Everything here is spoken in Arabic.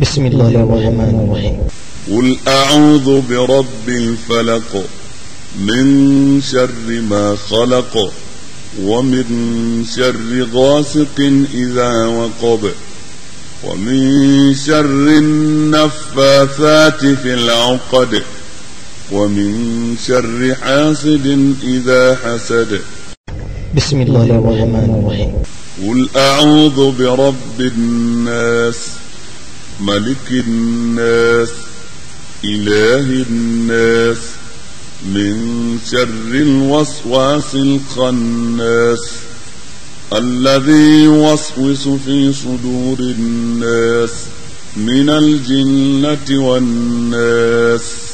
بسم الله الرحمن الرحيم قل أعوذ برب الفلق من شر ما خلق ومن شر غاسق إذا وقب ومن شر النفاثات في العقد ومن شر حاسد إذا حسد بسم الله الرحمن الرحيم قل أعوذ برب الناس ملك الناس إله الناس من شر الوسواس الخناس الذي يوسوس في صدور الناس من الجنة والناس